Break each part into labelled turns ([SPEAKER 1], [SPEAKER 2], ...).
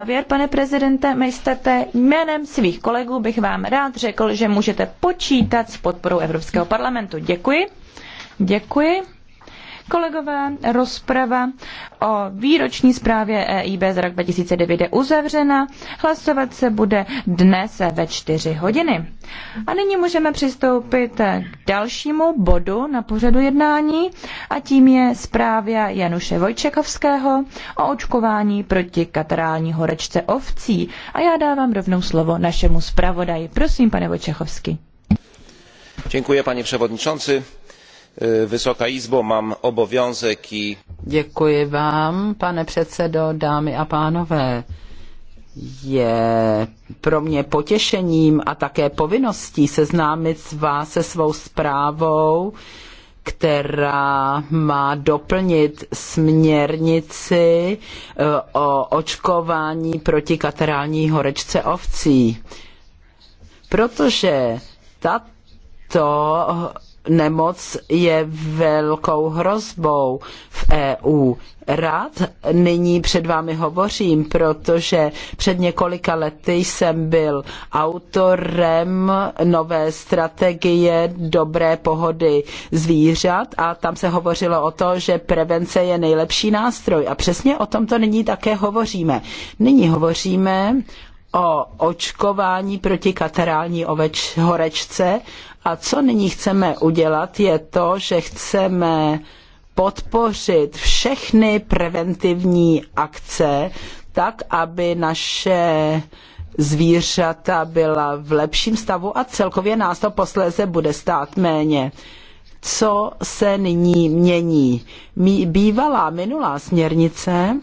[SPEAKER 1] závěr, pane prezidente Mejstete, jménem svých kolegů bych vám rád řekl, že můžete počítat s podporou Evropského parlamentu. Děkuji. Děkuji. Kolegové, rozprava o výroční zprávě EIB z rok 2009 je uzavřena. Hlasovat se bude dnes ve 4 hodiny. A nyní můžeme přistoupit k dalšímu bodu na pořadu jednání a tím je zpráva Januše Vojčekovského o očkování proti katarální horečce ovcí. A já dávám rovnou slovo našemu zpravodaji. Prosím, pane Vojčekovský.
[SPEAKER 2] Děkuji, pane předsedající Vysoká e, izbo, mám obowiązek i...
[SPEAKER 3] Děkuji vám, pane předsedo, dámy a pánové. Je pro mě potěšením a také povinností seznámit s vás se svou zprávou, která má doplnit směrnici e, o očkování proti katerální horečce ovcí. Protože tato nemoc je velkou hrozbou v EU. Rád nyní před vámi hovořím, protože před několika lety jsem byl autorem nové strategie dobré pohody zvířat a tam se hovořilo o to, že prevence je nejlepší nástroj. A přesně o tomto nyní také hovoříme. Nyní hovoříme o očkování proti katarální oveč, horečce. A co nyní chceme udělat, je to, že chceme podpořit všechny preventivní akce, tak aby naše zvířata byla v lepším stavu a celkově nás to posléze bude stát méně. Co se nyní mění? Mí bývalá minulá směrnice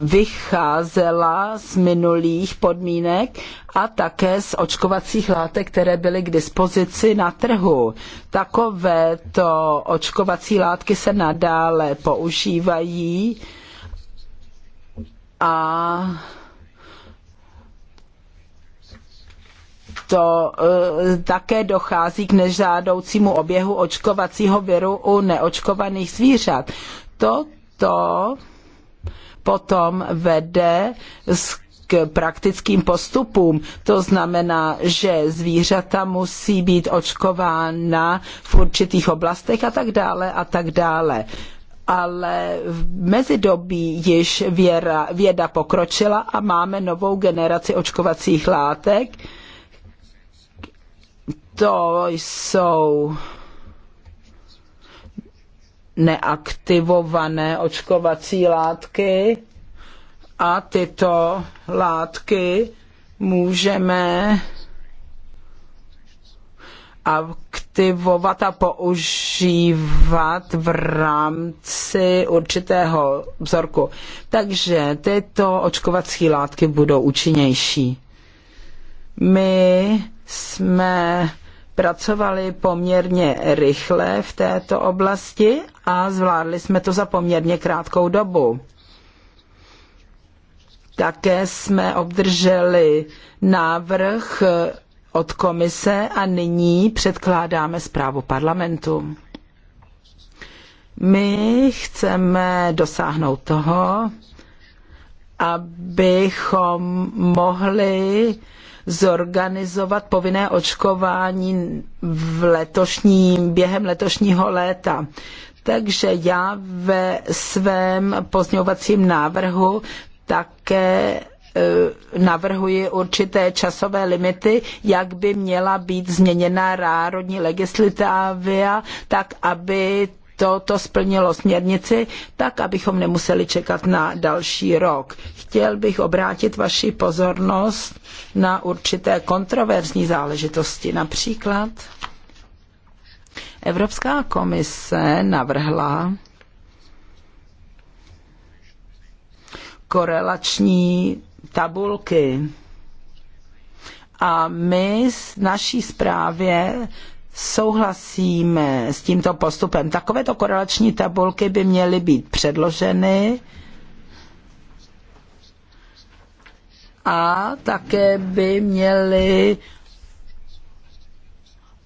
[SPEAKER 3] vycházela z minulých podmínek a také z očkovacích látek, které byly k dispozici na trhu. Takovéto očkovací látky se nadále používají a to eh, také dochází k nežádoucímu oběhu očkovacího viru u neočkovaných zvířat. Toto potom vede k praktickým postupům. To znamená, že zvířata musí být očkována v určitých oblastech a tak dále a tak dále ale v mezidobí již věra, věda pokročila a máme novou generaci očkovacích látek. To jsou neaktivované očkovací látky a tyto látky můžeme aktivovat a používat v rámci určitého vzorku. Takže tyto očkovací látky budou účinnější. My jsme pracovali poměrně rychle v této oblasti a zvládli jsme to za poměrně krátkou dobu. Také jsme obdrželi návrh od komise a nyní předkládáme zprávu parlamentu. My chceme dosáhnout toho, abychom mohli zorganizovat povinné očkování v letošním, během letošního léta. Takže já ve svém pozňovacím návrhu také e, navrhuji určité časové limity, jak by měla být změněna rárodní legislativa, tak aby toto splnilo směrnici, tak abychom nemuseli čekat na další rok. Chtěl bych obrátit vaši pozornost na určité kontroverzní záležitosti. Například Evropská komise navrhla korelační tabulky. A my z naší zprávě souhlasíme s tímto postupem. Takovéto korelační tabulky by měly být předloženy a také by měly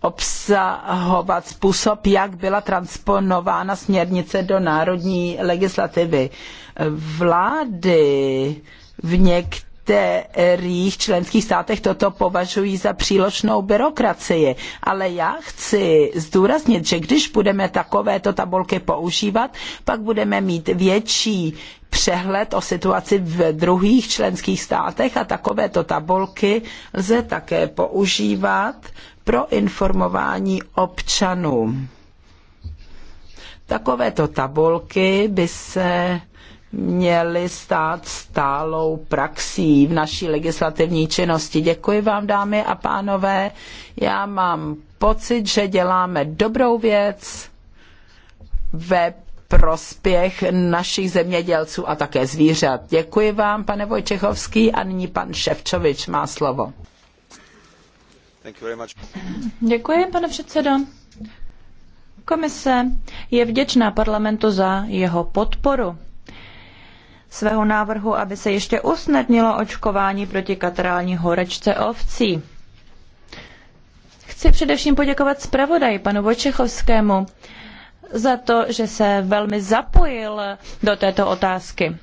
[SPEAKER 3] obsahovat způsob, jak byla transponována směrnice do národní legislativy. Vlády v některých některých členských státech toto považují za příločnou byrokracii. Ale já chci zdůraznit, že když budeme takovéto tabulky používat, pak budeme mít větší přehled o situaci v druhých členských státech a takovéto tabulky lze také používat pro informování občanů. Takovéto tabulky by se měly stát stálou praxí v naší legislativní činnosti. Děkuji vám, dámy a pánové. Já mám pocit, že děláme dobrou věc ve prospěch našich zemědělců a také zvířat. Děkuji vám, pane Vojčechovský, a nyní pan Ševčovič má slovo.
[SPEAKER 1] Děkuji, pane předsedo. Komise je vděčná parlamentu za jeho podporu svého návrhu, aby se ještě usnadnilo očkování proti katerální horečce ovcí. Chci především poděkovat zpravodaji panu Vočechovskému za to, že se velmi zapojil do této otázky.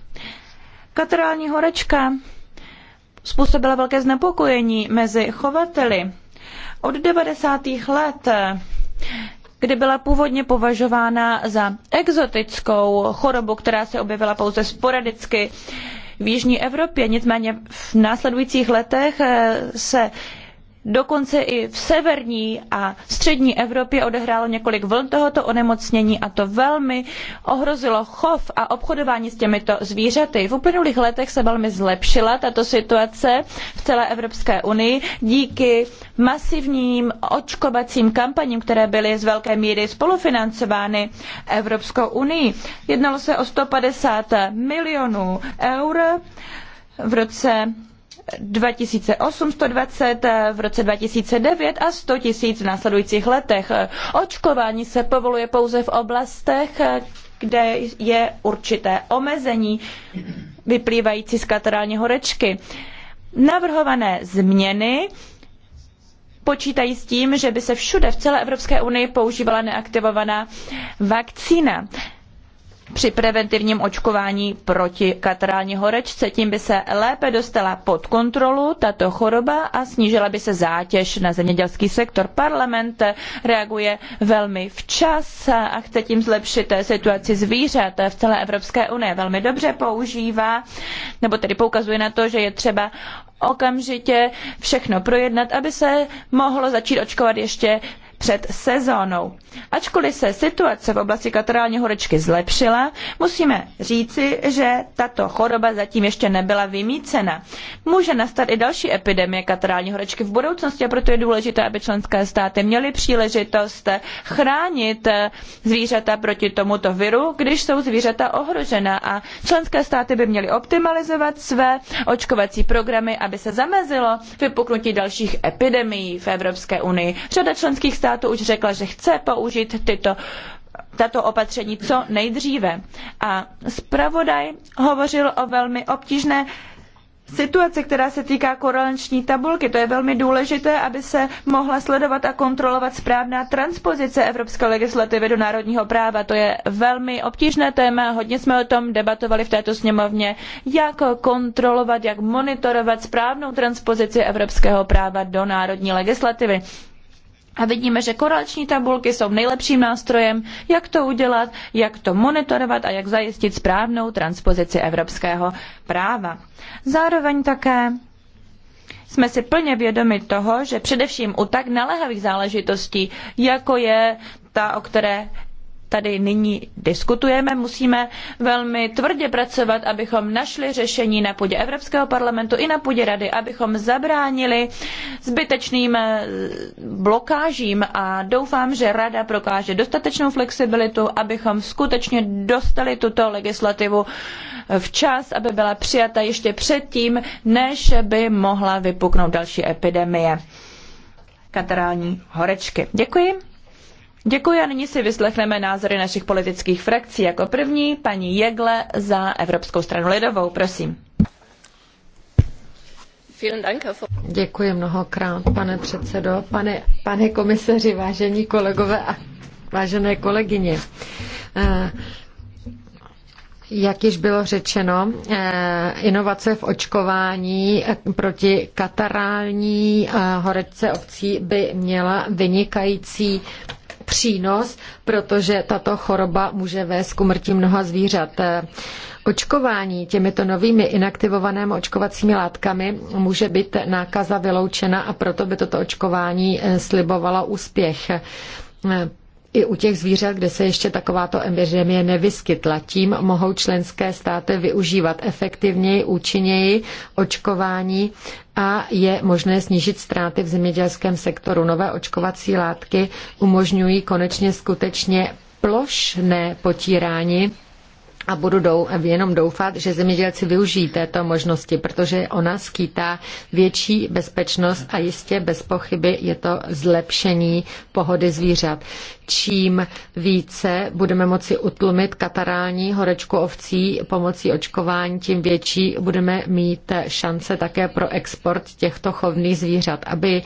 [SPEAKER 1] Katerální horečka způsobila velké znepokojení mezi chovateli. Od 90. let kdy byla původně považována za exotickou chorobu, která se objevila pouze sporadicky v jižní Evropě. Nicméně v následujících letech eh, se dokonce i v severní a střední Evropě odehrálo několik vln tohoto onemocnění a to velmi ohrozilo chov a obchodování s těmito zvířaty. V uplynulých letech se velmi zlepšila tato situace v celé Evropské unii díky masivním očkovacím kampaním, které byly z velké míry spolufinancovány Evropskou unii. Jednalo se o 150 milionů eur v roce 2820 eh, v roce 2009 a 100 tisíc v následujících letech. Eh, očkování se povoluje pouze v oblastech, eh, kde je určité omezení vyplývající z katarální horečky. Navrhované změny počítají s tím, že by se všude v celé Evropské unii používala neaktivovaná vakcína při preventivním očkování proti katarální horečce. Tím by se lépe dostala pod kontrolu tato choroba a snížila by se zátěž na zemědělský sektor. Parlament reaguje velmi včas a chce tím zlepšit situaci zvířat v celé Evropské unii. Velmi dobře používá, nebo tedy poukazuje na to, že je třeba okamžitě všechno projednat, aby se mohlo začít očkovat ještě před sezónou. Ačkoliv se situace v oblasti katarální horečky zlepšila, musíme říci, že tato choroba zatím ještě nebyla vymícena. Může nastat i další epidemie katarální horečky v budoucnosti a proto je důležité, aby členské státy měly příležitost chránit zvířata proti tomuto viru, když jsou zvířata ohrožena a členské státy by měly optimalizovat své očkovací programy, aby se zamezilo vypuknutí dalších epidemií v Evropské unii. Řada členských států států už řekla, že chce použít tyto tato opatření co nejdříve. A zpravodaj hovořil o velmi obtížné situaci, která se týká korelační tabulky. To je velmi důležité, aby se mohla sledovat a kontrolovat správná transpozice evropské legislativy do národního práva. To je velmi obtížné téma, hodně jsme o tom debatovali v této sněmovně, jak kontrolovat, jak monitorovat správnou transpozici evropského práva do národní legislativy. A vidíme, že korelační tabulky jsou nejlepším nástrojem, jak to udělat, jak to monitorovat a jak zajistit správnou transpozici evropského práva. Zároveň také jsme si plně vědomi toho, že především u tak naléhavých záležitostí, jako je ta, o které tady nyní diskutujeme, musíme velmi tvrdě pracovat, abychom našli řešení na půdě Evropského parlamentu i na půdě Rady, abychom zabránili zbytečným eh, blokážím a doufám, že Rada prokáže dostatečnou flexibilitu, abychom skutečně dostali tuto legislativu eh, včas, aby byla přijata ještě předtím, než by mohla vypuknout další epidemie katarální horečky. Děkuji. Děkuji a nyní si vyslechneme názory našich politických frakcí. Jako první paní Jegle za Evropskou stranu lidovou,
[SPEAKER 4] prosím. Děkuji mnohokrát, pane předsedo, pane, pane komisaři, vážení kolegové a vážené kolegyně. Eh, jak již bylo řečeno, eh, inovace v očkování proti katarální eh, horečce obcí by měla vynikající přínos, protože tato choroba může vést k umrtí mnoha zvířat. Očkování těmito novými inaktivovanými očkovacími látkami může být nákaza vyloučena a proto by toto očkování slibovalo úspěch i u těch zvířat, kde se ještě takováto epidemie nevyskytla. Tím mohou členské státy využívat efektivněji, účinněji očkování a je možné snížit ztráty v zemědělském sektoru. Nové očkovací látky umožňují konečně skutečně plošné potírání a budu dou, jenom doufat, že zemědělci využijí této možnosti, protože ona skýtá větší bezpečnost a jistě bez pochyby je to zlepšení pohody zvířat čím více budeme moci utlumit katarální horečku ovcí pomocí očkování, tím větší budeme mít šance také pro export těchto chovných zvířat. Aby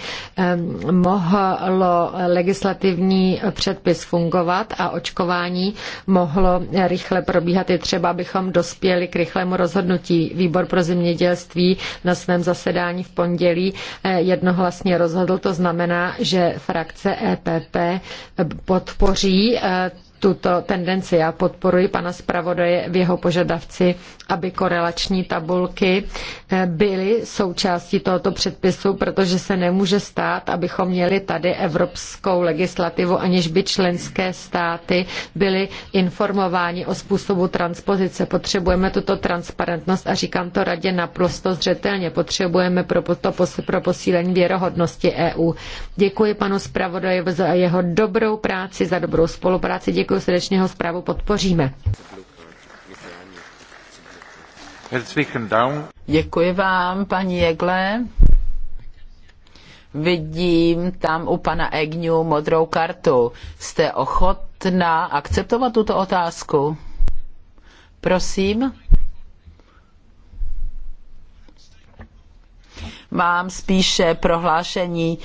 [SPEAKER 4] mohlo legislativní předpis fungovat a očkování mohlo rychle probíhat, je třeba, abychom dospěli k rychlému rozhodnutí. Výbor pro zemědělství na svém zasedání v pondělí eh, jednohlasně rozhodl, to znamená, že frakce EPP podpoří eh, tuto tendenci. Já podporuji pana zpravodaje v jeho požadavci, aby korelační tabulky eh, byly součástí tohoto předpisu, protože se nemůže stát, abychom měli tady evropskou legislativu, aniž by členské státy byly informováni o způsobu transpozice. Potřebujeme tuto transparentnost a říkám to radě naprosto zřetelně. Potřebujeme pro, to, pro posílení věrohodnosti EU. Děkuji panu zpravodaji za jeho dobrou práci, za dobrou spolupráci. Děkuji děkuji srdečně, jeho zprávu podpoříme. Děkuji vám, paní Jegle.
[SPEAKER 3] Vidím tam u pana Egňu modrou kartu. Jste ochotná akceptovat tuto otázku? Prosím. Mám spíše prohlášení,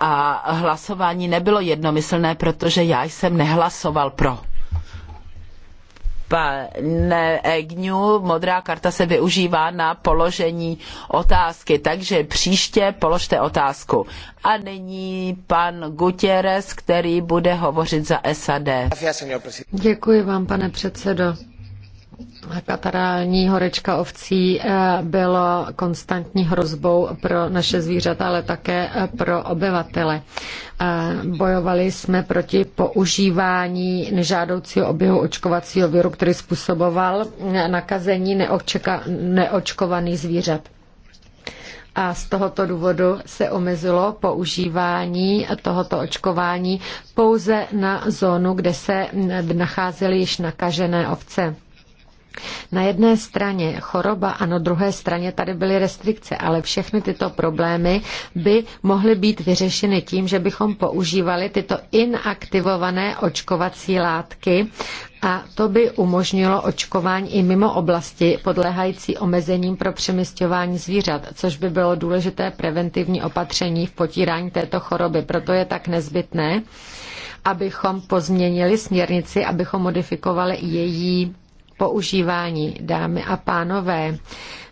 [SPEAKER 3] a hlasování nebylo jednomyslné, protože já jsem nehlasoval pro. Pane Egňu, modrá karta se využívá na položení otázky, takže příště položte otázku. A nyní pan Gutierrez, který bude hovořit za SAD.
[SPEAKER 4] Děkuji vám, pane předsedo. Katarální horečka ovcí eh, byla konstantní hrozbou pro naše zvířata, ale také eh, pro obyvatele. Eh, bojovali jsme proti používání nežádoucího oběhu očkovacího viru, který způsoboval nakazení neočkovaných zvířat a z tohoto důvodu se omezilo používání tohoto očkování pouze na zónu, kde se nacházely již nakažené ovce. Na jedné straně choroba a na druhé straně tady byly restrikce, ale všechny tyto problémy by mohly být vyřešeny tím, že bychom používali tyto inaktivované očkovací látky a to by umožnilo očkování i mimo oblasti podléhající omezením pro přemysťování zvířat, což by bylo důležité preventivní opatření v potírání této choroby. Proto je tak nezbytné, abychom pozměnili směrnici, abychom modifikovali její používání. Dámy a pánové,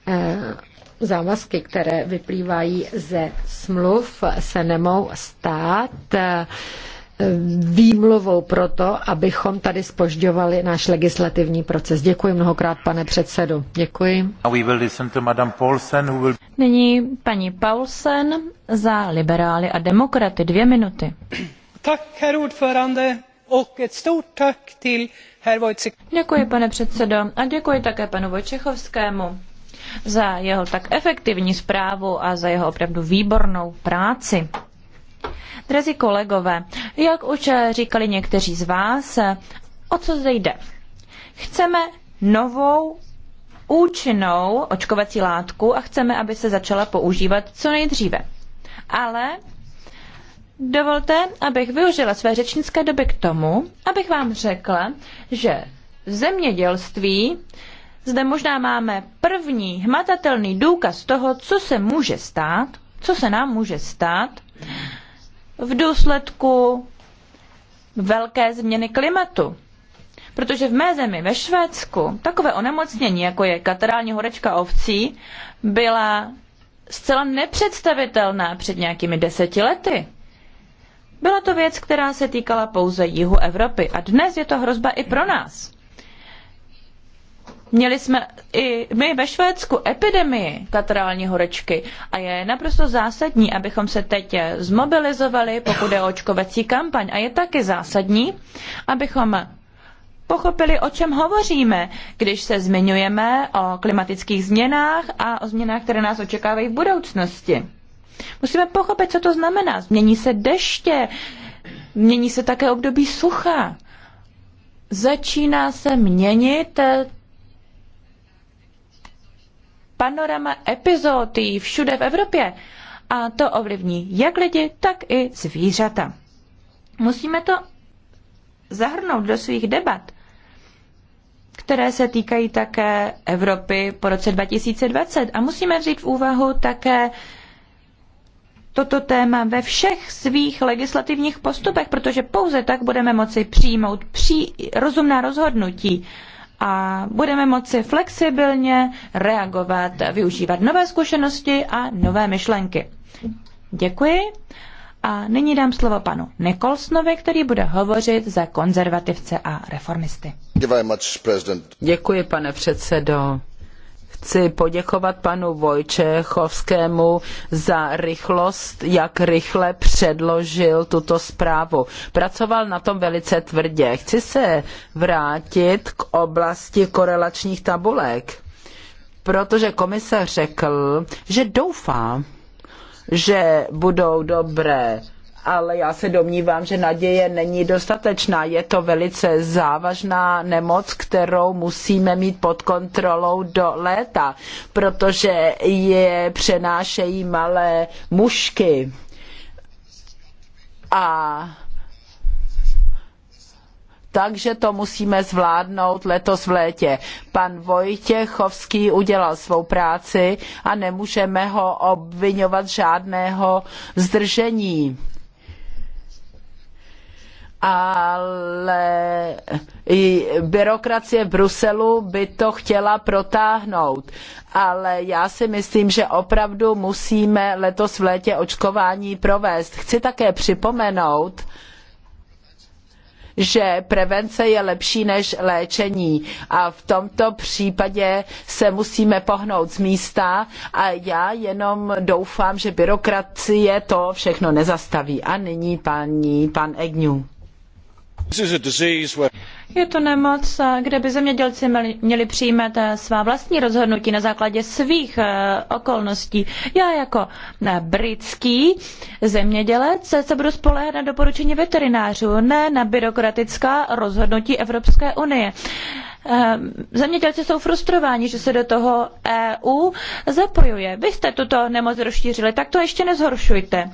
[SPEAKER 4] eh, závazky, které vyplývají ze smluv, se nemou stát eh, výmluvou pro to, abychom tady spožďovali náš legislativní proces. Děkuji mnohokrát, pane předsedu. Děkuji.
[SPEAKER 2] Paulsen, will...
[SPEAKER 4] Nyní paní Paulsen
[SPEAKER 1] za liberály a demokraty. Dvě minuty. Tak, herr Děkuji, pane předsedo, a děkuji také panu Vojčechovskému za jeho tak efektivní zprávu a za jeho opravdu výbornou práci. Drazí kolegové, jak už říkali někteří z vás, o co zde jde? Chceme novou účinnou očkovací látku a chceme, aby se začala používat co nejdříve. Ale Dovolte, abych využila své řečnické doby k tomu, abych vám řekla, že v zemědělství zde možná máme první hmatatelný důkaz toho, co se může stát, co se nám může stát v důsledku velké změny klimatu. Protože v mé zemi, ve Švédsku, takové onemocnění, jako je katerální horečka ovcí, byla zcela nepředstavitelná před nějakými deseti lety. Byla to věc, která se týkala pouze jihu Evropy a dnes je to hrozba i pro nás. Měli jsme i my ve Švédsku epidemii katarální horečky a je naprosto zásadní, abychom se teď zmobilizovali, pokud je o očkovací kampaň. A je taky zásadní, abychom pochopili, o čem hovoříme, když se zmiňujeme o klimatických změnách a o změnách, které nás očekávají v budoucnosti. Musíme pochopit, co to znamená. Změní se deště, mění se také období sucha. Začíná se měnit eh, panorama epizody všude v Evropě. A to ovlivní jak lidi, tak i zvířata. Musíme to zahrnout do svých debat, které se týkají také Evropy po roce 2020. A musíme vzít v úvahu také toto téma ve všech svých legislativních postupech, protože pouze tak budeme moci přijmout pří, rozumná rozhodnutí a budeme moci flexibilně reagovat, využívat nové zkušenosti a nové myšlenky. Děkuji. A nyní dám slovo panu Nikolsnovi, který bude hovořit za konzervativce a reformisty.
[SPEAKER 3] Děkuji, pane
[SPEAKER 1] předsedo
[SPEAKER 3] chci poděkovat panu Vojčechovskému za rychlost, jak rychle předložil tuto zprávu. Pracoval na tom velice tvrdě. Chci se vrátit k oblasti korelačních tabulek, protože komise řekl, že doufá, že budou dobré ale já se domnívám, že naděje není dostatečná. Je to velice závažná nemoc, kterou musíme mít pod kontrolou do léta, protože je přenášejí malé mušky. A takže to musíme zvládnout letos v létě. Pan Vojtěchovský udělal svou práci a nemůžeme ho obvinovat žádného zdržení ale byrokracie v Bruselu by to chtěla protáhnout. Ale já si myslím, že opravdu musíme letos v létě očkování provést. Chci také připomenout, že prevence je lepší než léčení. A v tomto případě se musíme pohnout z místa a já jenom doufám, že byrokracie to všechno nezastaví. A nyní paní, pan Egňu.
[SPEAKER 1] Je to nemoc, eh, kde by zemědělci měli přijímat eh, svá vlastní rozhodnutí na základě svých eh, okolností. Já jako britský zemědělec se budu spoléhat na doporučení veterinářů, ne na byrokratická rozhodnutí Evropské unie. Zemědělci jsou frustrováni, že se do toho EU zapojuje. Vy jste tuto nemoc rozšířili, tak to ještě nezhoršujte.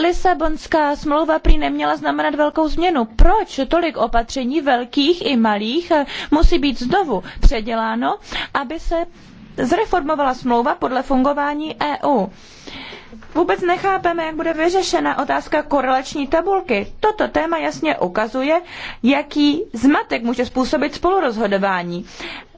[SPEAKER 1] Lisabonská smlouva prý neměla znamenat velkou změnu. Proč tolik opatření velkých i malých eh, musí být znovu předěláno, aby se zreformovala smlouva podle fungování EU? vůbec nechápeme, jak bude vyřešena otázka korelační tabulky. Toto téma jasně ukazuje, jaký zmatek může způsobit spolurozhodování.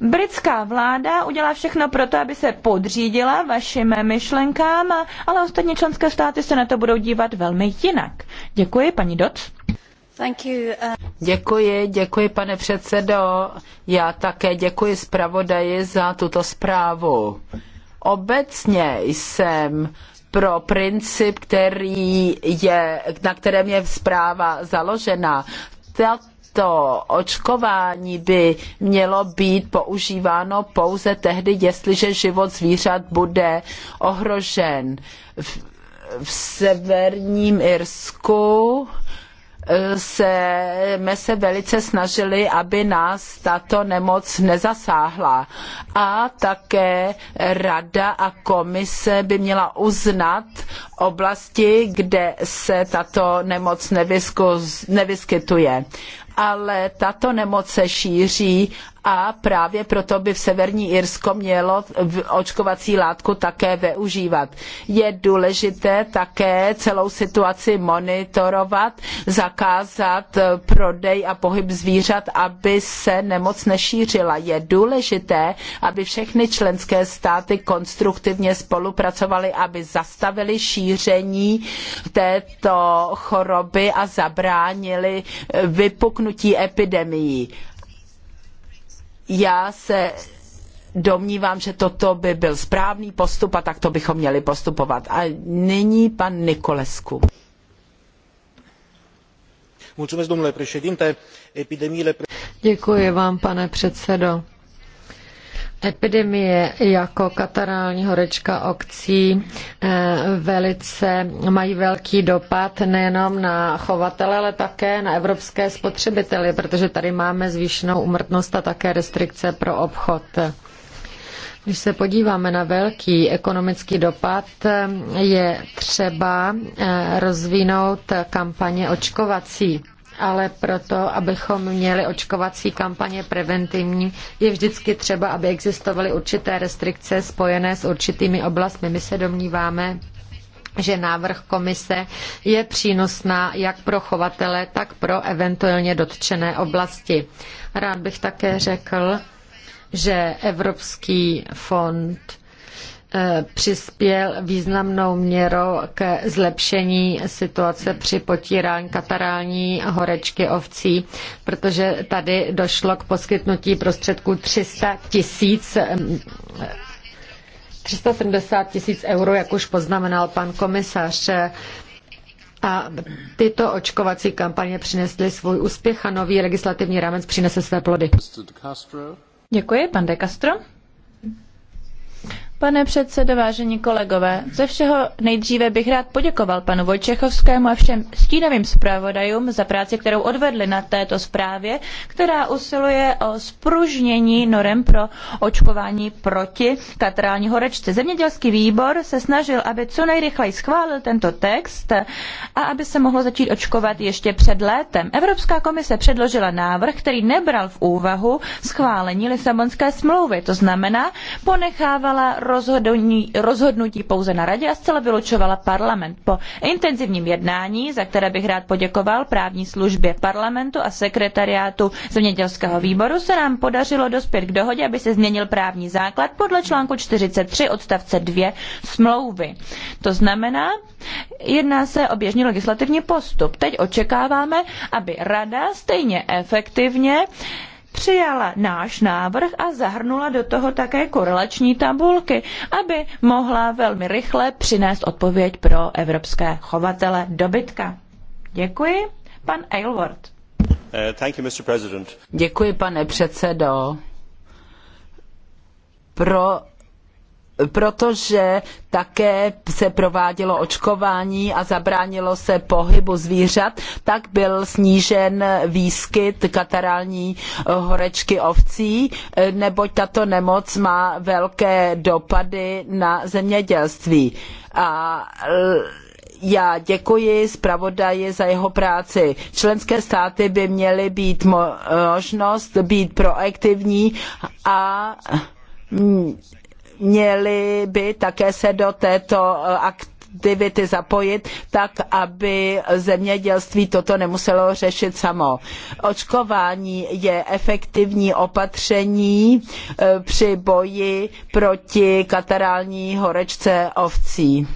[SPEAKER 1] Britská vláda udělá všechno pro to, aby se podřídila vašim myšlenkám, ale ostatní členské státy se na to budou dívat velmi jinak. Děkuji, paní Doc. Uh,
[SPEAKER 3] děkuji, děkuji pane předsedo. Já také děkuji zpravodaji za tuto zprávu. Obecně jsem pro princip, který je, na kterém je zpráva založena. To očkování by mělo být používáno pouze tehdy, jestliže život zvířat bude ohrožen. V, v severním Irsku jsme se velice snažili, aby nás tato nemoc nezasáhla. A také rada a komise by měla uznat oblasti, kde se tato nemoc nevyskytuje ale tato nemoc se šíří a právě proto by v Severní Irsko mělo očkovací látku také využívat. Je důležité také celou situaci monitorovat, zakázat eh, prodej a pohyb zvířat, aby se nemoc nešířila. Je důležité, aby všechny členské státy konstruktivně spolupracovaly, aby zastavili šíření této choroby a zabránili eh, vypuknutí epidemií. Já se domnívám, že toto by byl správný postup a tak to bychom měli postupovat. A nyní
[SPEAKER 2] pan
[SPEAKER 4] Nikolesku. Děkuji vám, pane předsedo Epidemie jako katarální horečka okcí eh, velice mají velký dopad nejenom na chovatele, ale také na evropské spotřebitele, protože tady máme zvýšenou umrtnost a také restrikce pro obchod. Když se podíváme na velký ekonomický dopad, je třeba eh, rozvinout kampaně očkovací ale proto, abychom měli očkovací kampaně preventivní, je vždycky třeba, aby existovaly určité restrikce spojené s určitými oblastmi. My se domníváme, že návrh komise je přínosná jak pro chovatele, tak pro eventuálně dotčené oblasti. Rád bych také řekl, že Evropský fond Eh, přispěl významnou měrou ke zlepšení situace při potírání katarální horečky ovcí, protože tady došlo k poskytnutí prostředků 300 tisíc 370 eh, tisíc euro, jak už poznamenal pan komisař. A tyto očkovací kampaně přinesly svůj úspěch a nový legislativní rámec přinese své plody. Děkuji, pan De Castro.
[SPEAKER 1] Pane předsedo, vážení kolegové, ze všeho nejdříve bych rád poděkoval panu Vojčechovskému a všem stínovým zpravodajům za práci, kterou odvedli na této zprávě, která usiluje o spružnění norem pro očkování proti katrální horečce. Zemědělský výbor se snažil, aby co nejrychleji schválil tento text a aby se mohlo začít očkovat ještě před létem. Evropská komise předložila návrh, který nebral v úvahu schválení Lisabonské smlouvy, to znamená ponechávala rozhodnutí, rozhodnutí pouze na radě a zcela vylučovala parlament. Po intenzivním jednání, za které bych rád poděkoval právní službě parlamentu a sekretariátu zemědělského výboru, se nám podařilo dospět k dohodě, aby se změnil právní základ podle článku 43 odstavce 2 smlouvy. To znamená, jedná se o běžný legislativní postup. Teď očekáváme, aby rada stejně efektivně přijala náš návrh a zahrnula do toho také korelační tabulky, aby mohla velmi rychle přinést odpověď pro evropské chovatele dobytka. Děkuji. Pan Aylward.
[SPEAKER 2] Eh,
[SPEAKER 3] Děkuji, pane předsedo. Pro protože také se provádělo očkování a zabránilo se pohybu zvířat, tak byl snížen výskyt katarální eh, horečky ovcí, eh, neboť tato nemoc má velké dopady na zemědělství. A eh, já děkuji zpravodaji za jeho práci. Členské státy by měly být možnost být proaktivní a mm, měli by také se do této eh, aktivity zapojit, tak aby zemědělství toto nemuselo řešit samo. Očkování je efektivní opatření eh, při boji proti katarální horečce ovcí.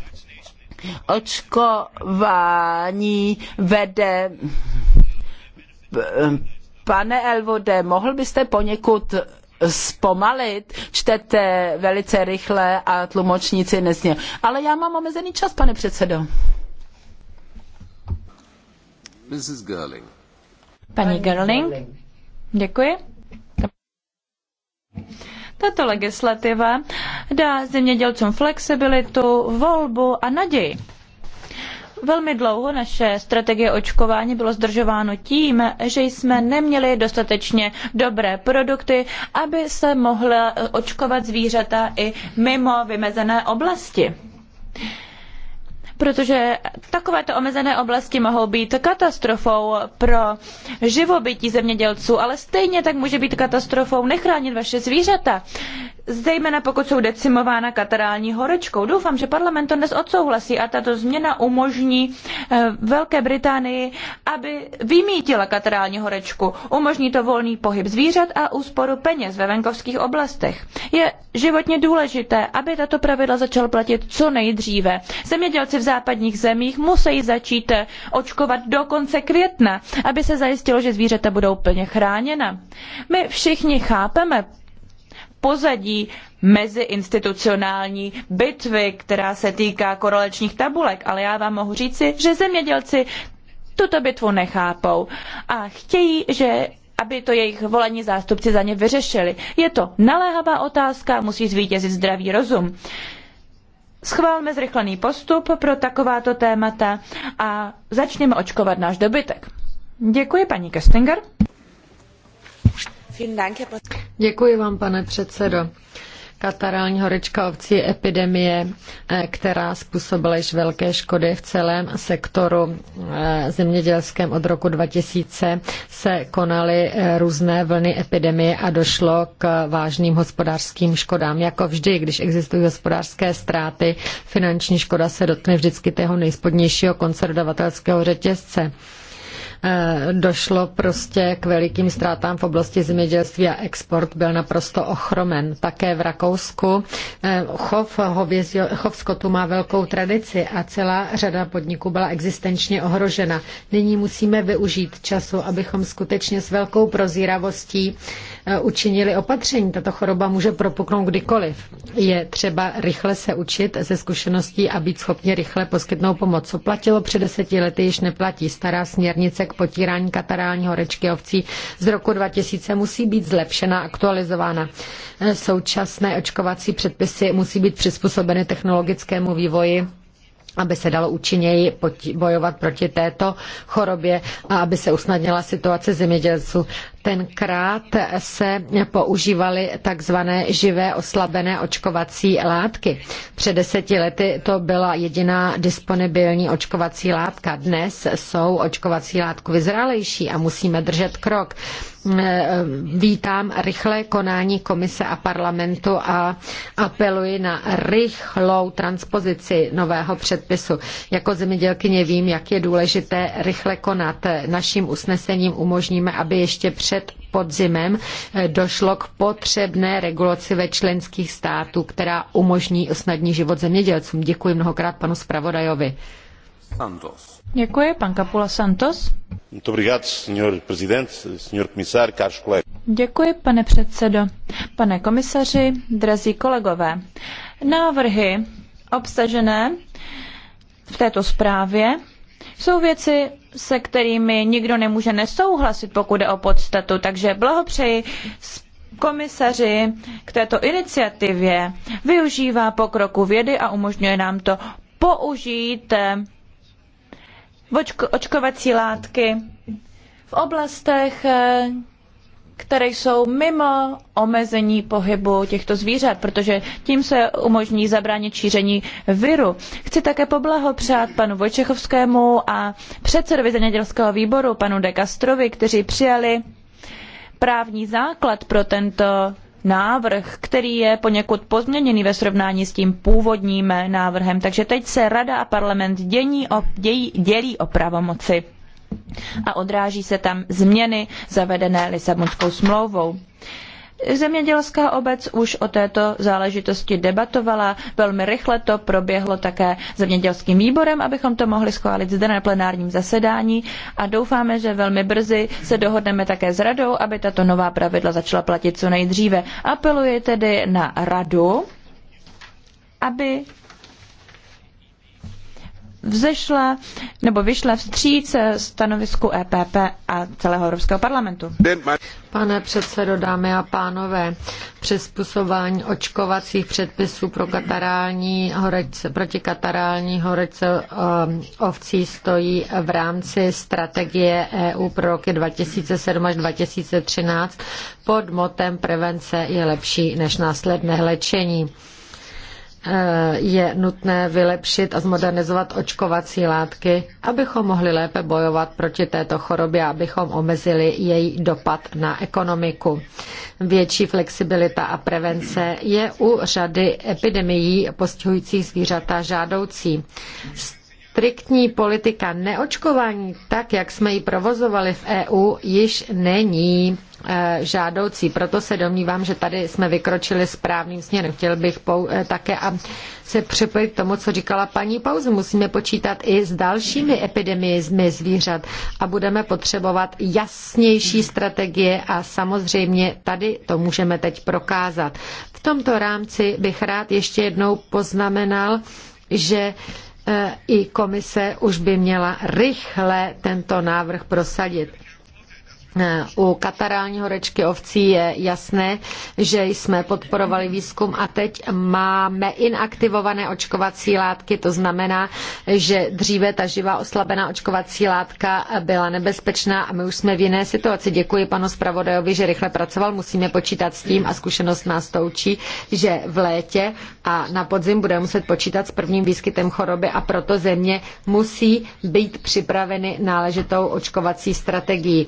[SPEAKER 3] Očkování vede eh, Pane Elvode, mohl byste poněkud zpomalit, čtete velice rychle a tlumočníci nesně. Ale já mám omezený čas, pane předsedo.
[SPEAKER 2] Mrs. Girling.
[SPEAKER 1] Paní Gerling, děkuji. Tato legislativa dá zemědělcům flexibilitu, volbu a naději. Velmi dlouho naše strategie očkování bylo zdržováno tím, že jsme neměli dostatečně dobré produkty, aby se mohla očkovat zvířata i mimo vymezené oblasti protože takovéto omezené oblasti mohou být katastrofou pro živobytí zemědělců, ale stejně tak může být katastrofou nechránit vaše zvířata zejména pokud jsou decimována katarální horečkou. Doufám, že parlament to dnes odsouhlasí a tato změna umožní eh, Velké Británii, aby vymítila katarální horečku. Umožní to volný pohyb zvířat a úsporu peněz ve venkovských oblastech. Je životně důležité, aby tato pravidla začala platit co nejdříve. Zemědělci v západních zemích musí začít eh, očkovat do konce května, aby se zajistilo, že zvířata budou plně chráněna. My všichni chápeme pozadí meziinstitucionální bitvy, která se týká korolečních tabulek, ale já vám mohu říci, že zemědělci tuto bitvu nechápou a chtějí, že aby to jejich volení zástupci za ně vyřešili. Je to naléhavá otázka, musí zvítězit zdravý rozum. Schválme zrychlený postup pro takováto témata a začněme očkovat náš dobytek. Děkuji, paní Kestinger.
[SPEAKER 4] Děkuji vám, pane předsedo. Katarální horečka ovcí je epidemie, eh, která způsobila již velké škody v celém sektoru eh, zemědělském od roku 2000. Se konaly eh, různé vlny epidemie a došlo k vážným hospodářským škodám. Jako vždy, když existují hospodářské ztráty, finanční škoda se dotkne vždycky tého nejspodnějšího konce dodavatelského řetězce Eh, došlo prostě k velikým ztrátám v oblasti zemědělství a export byl naprosto ochromen. Také v Rakousku eh, chov, hovězí, chov skotu má velkou tradici a celá řada podniků byla existenčně ohrožena. Nyní musíme využít času, abychom skutečně s velkou prozíravostí Eh, učinili opatření. Tato choroba může propuknout kdykoliv. Je třeba rychle se učit ze zkušeností a být schopni rychle poskytnout pomoc. Co platilo před deseti lety, již neplatí. Stará směrnice k potírání katarální horečky ovcí z roku 2000 musí být zlepšena, aktualizována. Eh, současné očkovací předpisy musí být přizpůsobeny technologickému vývoji aby se dalo účinněji bojovat proti této chorobě a aby se usnadnila situace zemědělců. Tenkrát se používaly takzvané živé oslabené očkovací látky. Před deseti lety to byla jediná disponibilní očkovací látka. Dnes jsou očkovací látku vyzrálejší a musíme držet krok. Hm, eh, vítám rychlé konání komise a parlamentu a apeluji na rychlou transpozici nového předpisu. Jako zemědělkyně vím, jak je důležité rychle konat. Naším usnesením umožníme, aby ještě před podzimem eh, došlo k potřebné regulaci ve členských států, která umožní usnadní život zemědělcům. Děkuji mnohokrát panu zpravodajovi.
[SPEAKER 2] Santos.
[SPEAKER 4] Děkuji, pan Kapula Santos.
[SPEAKER 1] Děkuji, pane předsedo. Pane komisaři, drazí kolegové, návrhy obsažené v této zprávě jsou věci, se kterými nikdo nemůže nesouhlasit, pokud jde o podstatu, takže blahopřeji komisaři k této iniciativě. Využívá pokroku vědy a umožňuje nám to použít očkovací látky v oblastech, eh, které jsou mimo omezení pohybu těchto zvířat, protože tím se umožní zabránit šíření viru. Chci také poblahopřát panu Vojčechovskému a předsedovi zemědělského výboru, panu De Castrovi, kteří přijali právní základ pro tento návrh, který je poněkud pozměněný ve srovnání s tím původním návrhem. Takže teď se Rada a parlament dění o, dějí, dělí o pravomoci a odráží se tam změny zavedené Lisabonskou smlouvou. Zemědělská obec už o této záležitosti debatovala, velmi rychle to proběhlo také zemědělským výborem, abychom to mohli schválit zde na plenárním zasedání a doufáme, že velmi brzy se dohodneme také s radou, aby tato nová pravidla začala platit co nejdříve. Apeluji tedy na radu, aby
[SPEAKER 4] vzešla nebo vyšla vstříc stanovisku EPP a celého Evropského parlamentu. Pane předsedo, dámy a pánové, přizpůsobování očkovacích předpisů pro katarální horečce, proti katarální horečce eh, um, ovcí stojí v rámci strategie EU pro roky 2007 až 2013 pod motem prevence je lepší než následné léčení. Eh, je nutné vylepšit a zmodernizovat očkovací látky, abychom mohli lépe bojovat proti této chorobě, abychom omezili její dopad na ekonomiku. Větší flexibilita a prevence je u řady epidemií postihujících zvířata žádoucí striktní politika neočkování, tak jak jsme ji provozovali v EU, již není eh, žádoucí. Proto se domnívám, že tady jsme vykročili správným směrem. Chtěl bych eh, také a se připojit k tomu, co říkala paní Pauze. Musíme počítat i s dalšími epidemiemi zvířat a budeme potřebovat jasnější strategie a samozřejmě tady to můžeme teď prokázat. V tomto rámci bych rád ještě jednou poznamenal, že i komise už by měla rychle tento návrh prosadit u katarální horečky ovcí je jasné, že jsme podporovali výzkum a teď máme inaktivované očkovací látky, to znamená, že dříve ta živá oslabená očkovací látka byla nebezpečná a my už jsme v jiné situaci. Děkuji panu zpravodajovi, že rychle pracoval, musíme počítat s tím a zkušenost nás to učí, že v létě a na podzim budeme muset počítat s prvním výskytem choroby a proto země musí být připraveny náležitou očkovací strategií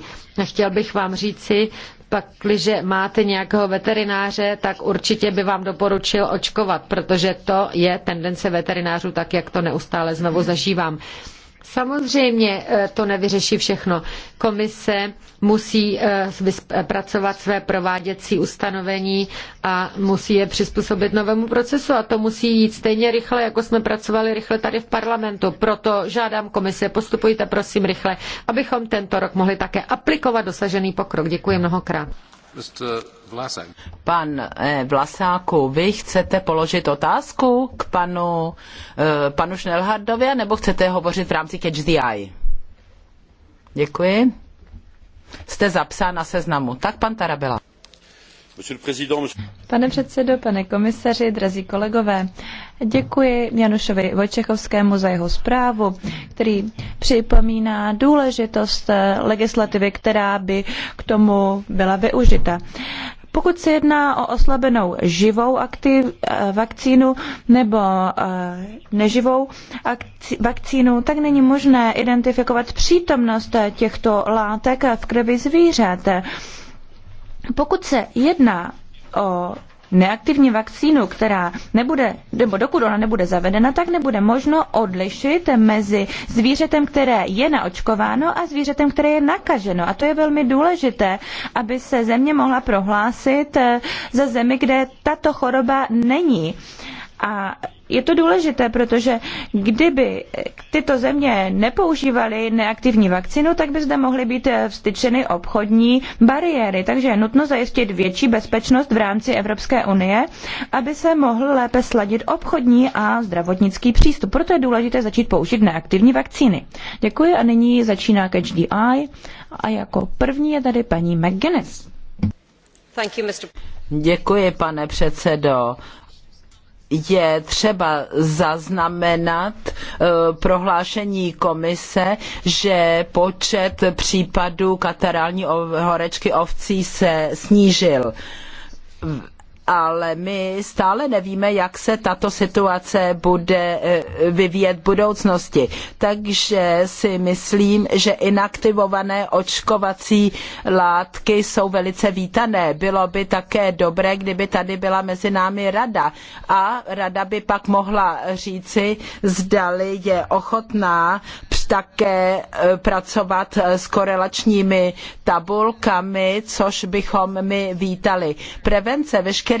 [SPEAKER 4] chtěl bych vám říci, pakliže máte nějakého veterináře, tak určitě by vám doporučil očkovat, protože to je tendence veterinářů, tak jak to neustále znovu zažívám. Samozřejmě eh, to nevyřeší všechno. Komise musí eh, vypracovat své prováděcí ustanovení a musí je přizpůsobit novému procesu a to musí jít stejně rychle, jako jsme pracovali rychle tady v parlamentu. Proto žádám komise, postupujte prosím rychle, abychom tento rok mohli také aplikovat dosažený pokrok. Děkuji mnohokrát.
[SPEAKER 3] Pan eh, Vlasáku, vy chcete položit otázku k panu, eh, panu Schnellhardovi, nebo chcete hovořit v rámci Catch the Eye? Děkuji. Jste zapsán na seznamu. Tak pan Tarabela.
[SPEAKER 1] Pane předsedo, pane komisaři, drazí kolegové, děkuji Janušovi Vojčechovskému za jeho zprávu, který připomíná důležitost eh, legislativy, která by k tomu byla využita. Pokud se jedná o oslabenou živou aktiv, eh, vakcínu nebo eh, neživou akci, vakcínu, tak není možné identifikovat přítomnost těchto látek v krvi zvířat. Pokud se jedná o neaktivní vakcínu, která nebude, nebo dokud ona nebude zavedena, tak nebude možno odlišit mezi zvířetem, které je naočkováno a zvířetem, které je nakaženo. A to je velmi důležité, aby se země mohla prohlásit eh, za zemi, kde tato choroba není. A je to důležité, protože kdyby tyto země nepoužívaly neaktivní vakcínu, tak by zde mohly být vstyčeny obchodní bariéry. Takže je nutno zajistit větší bezpečnost v rámci Evropské unie, aby se mohl lépe sladit obchodní a zdravotnický přístup. Proto je důležité začít použít neaktivní vakcíny. Děkuji a nyní začíná HDI, A jako první je tady paní McGuinness.
[SPEAKER 3] Děkuji, pane předsedo je třeba zaznamenat eh, prohlášení komise, že počet případů katarální horečky ovcí se snížil ale my stále nevíme, jak se tato situace bude eh, vyvíjet v budoucnosti. Takže si myslím, že inaktivované očkovací látky jsou velice vítané. Bylo by také dobré, kdyby tady byla mezi námi rada a rada by pak mohla říci, zdali je ochotná také eh, pracovat eh, s korelačními tabulkami, což bychom my vítali. Prevence veškerých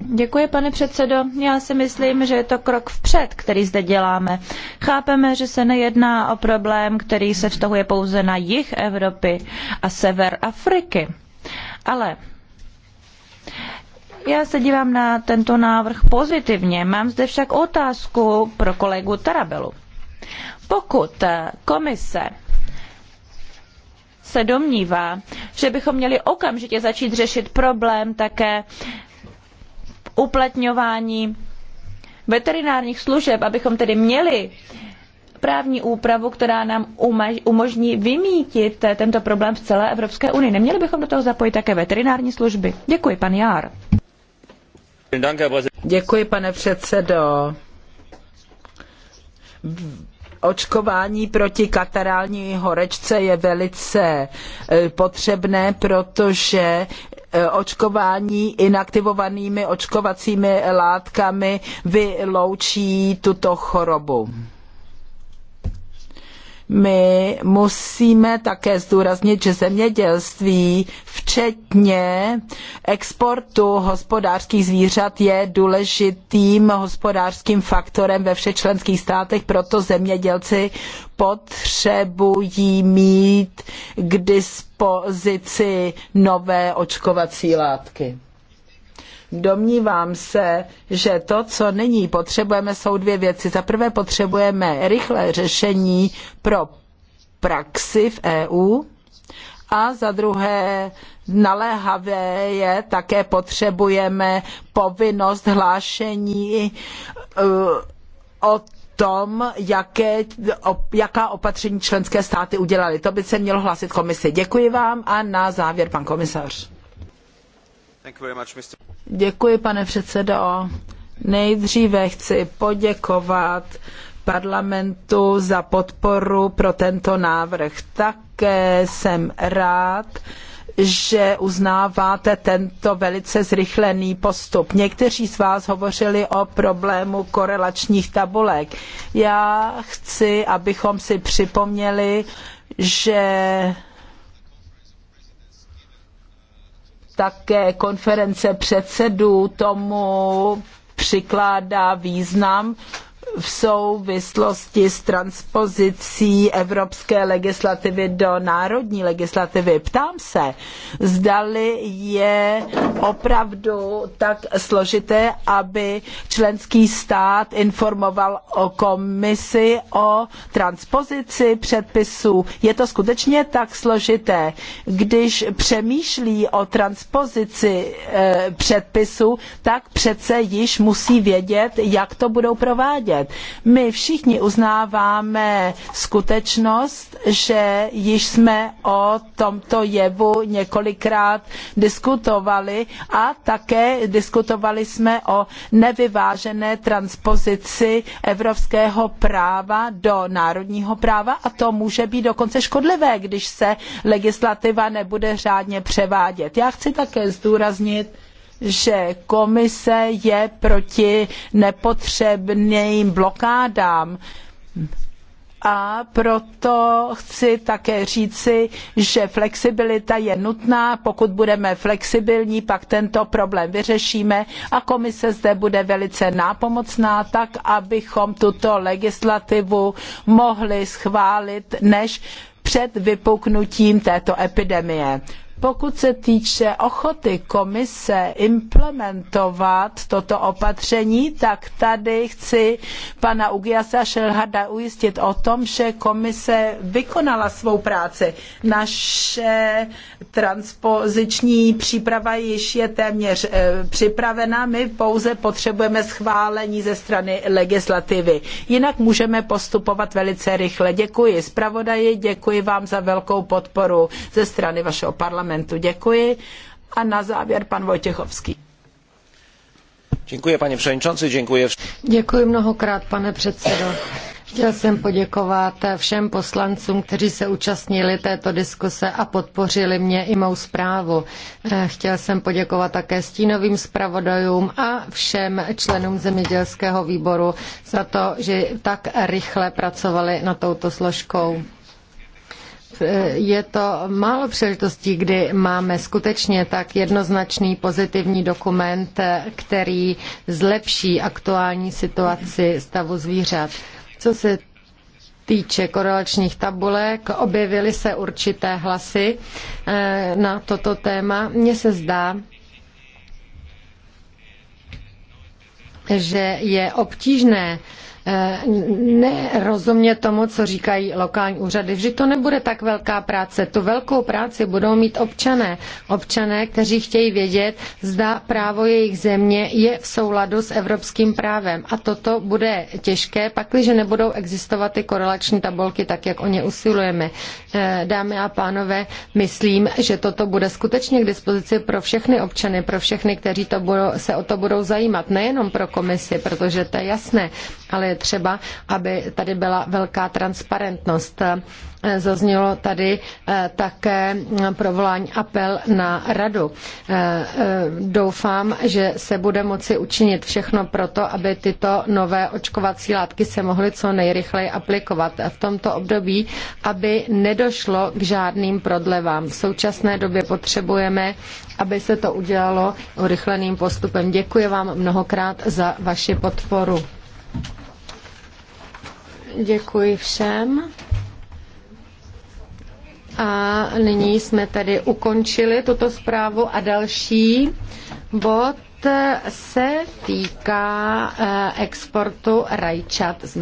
[SPEAKER 1] Děkuji, pane předsedo. Já si myslím, že je to krok vpřed, který zde děláme. Chápeme, že se nejedná o problém, který se vztahuje pouze na jih Evropy a sever Afriky. Ale já se dívám na tento návrh pozitivně. Mám zde však otázku pro kolegu Tarabelu. Pokud komise se domnívá, že bychom měli okamžitě začít řešit problém také uplatňování veterinárních služeb, abychom tedy měli právní úpravu, která nám umožní vymítit tento problém v celé Evropské unii. Neměli bychom do toho zapojit také veterinární služby. Děkuji, pan Jár.
[SPEAKER 3] Děkuji, pane předsedo očkování proti katarální horečce je velice e, potřebné, protože e, očkování inaktivovanými očkovacími látkami vyloučí tuto chorobu. My musíme také zdůraznit, že zemědělství, včetně exportu hospodářských zvířat, je důležitým hospodářským faktorem ve všech členských státech, proto zemědělci potřebují mít k dispozici nové očkovací látky. Domnívám se, že to, co nyní potřebujeme, jsou dvě věci. Za prvé potřebujeme rychlé řešení pro praxi v EU a za druhé naléhavé je také potřebujeme povinnost hlášení eh, o tom, jaké, jaká opatření členské státy udělaly. To by se mělo hlásit komisi. Děkuji vám a na závěr pan komisař. Děkuji, pane předsedo. Nejdříve chci poděkovat parlamentu za podporu pro tento návrh. Také jsem rád, že uznáváte tento velice zrychlený postup. Někteří z vás hovořili o problému korelačních tabulek. Já chci, abychom si připomněli, že také konference předsedů tomu přikládá význam, v souvislosti s transpozicí evropské legislativy do národní legislativy. Ptám se, zdali je opravdu tak složité, aby členský stát informoval o komisi o transpozici předpisů. Je to skutečně tak složité, když přemýšlí o transpozici e, eh, předpisů, tak přece již musí vědět, jak to budou provádět rozpočet. My všichni uznáváme skutečnost, že již jsme o tomto jevu několikrát diskutovali a také diskutovali jsme o nevyvážené transpozici evropského práva do národního práva a to může být dokonce škodlivé, když se legislativa nebude řádně převádět. Já chci také zdůraznit, že komise je proti nepotřebným blokádám. A proto chci také říci, že flexibilita je nutná. Pokud budeme flexibilní, pak tento problém vyřešíme a komise zde bude velice nápomocná, tak abychom tuto legislativu mohli schválit, než před vypuknutím této epidemie. Pokud se týče ochoty komise implementovat toto opatření, tak tady chci pana Ugiasa Šelhada ujistit o tom, že komise vykonala svou práci. Naše transpoziční příprava již je téměř eh, připravena, my pouze potřebujeme schválení ze strany legislativy. Jinak můžeme postupovat velice rychle. Děkuji zpravodaji, děkuji vám za velkou podporu ze strany vašeho parlamentu parlamentu. Děkuji. A
[SPEAKER 4] na závěr
[SPEAKER 2] pan Vojtěchovský. Děkuji, pane předsedající, děkuji.
[SPEAKER 4] Děkuji mnohokrát, pane předsedo. Chtěl jsem poděkovat všem poslancům, kteří se účastnili této diskuse a podpořili mě i mou zprávu. Chtěl jsem poděkovat také stínovým zpravodajům a všem členům zemědělského výboru za to, že tak rychle pracovali na touto složkou. Eh, je to málo příležitostí, kdy máme skutečně tak jednoznačný pozitivní dokument, eh, který zlepší aktuální situaci stavu zvířat. Co se týče korelačních tabulek, objevily se určité hlasy eh, na toto téma. Mně se zdá, že je obtížné nerozumět tomu, co říkají lokální úřady. Vždy to nebude tak velká práce. Tu velkou práci budou mít občané. Občané, kteří chtějí vědět, zda právo jejich země je v souladu s evropským právem. A toto bude těžké, pakliže nebudou existovat ty korelační tabulky, tak jak o ně usilujeme. Eh, dámy a pánové, myslím, že toto bude skutečně k dispozici pro všechny občany, pro všechny, kteří to budou, se o to budou zajímat. Nejenom pro komisi, protože to je jasné, ale je třeba, aby tady byla velká transparentnost. Zaznělo tady eh, také eh, provolání apel na radu. Eh, doufám, že se bude moci učinit všechno proto, aby tyto nové očkovací látky se mohly co nejrychleji aplikovat v tomto období, aby nedošlo k žádným prodlevám. V současné době potřebujeme, aby se to udělalo urychleným postupem. Děkuji vám mnohokrát za vaši podporu. Děkuji všem. A nyní jsme tedy ukončili tuto zprávu a další bod se týká eh, exportu rajčat z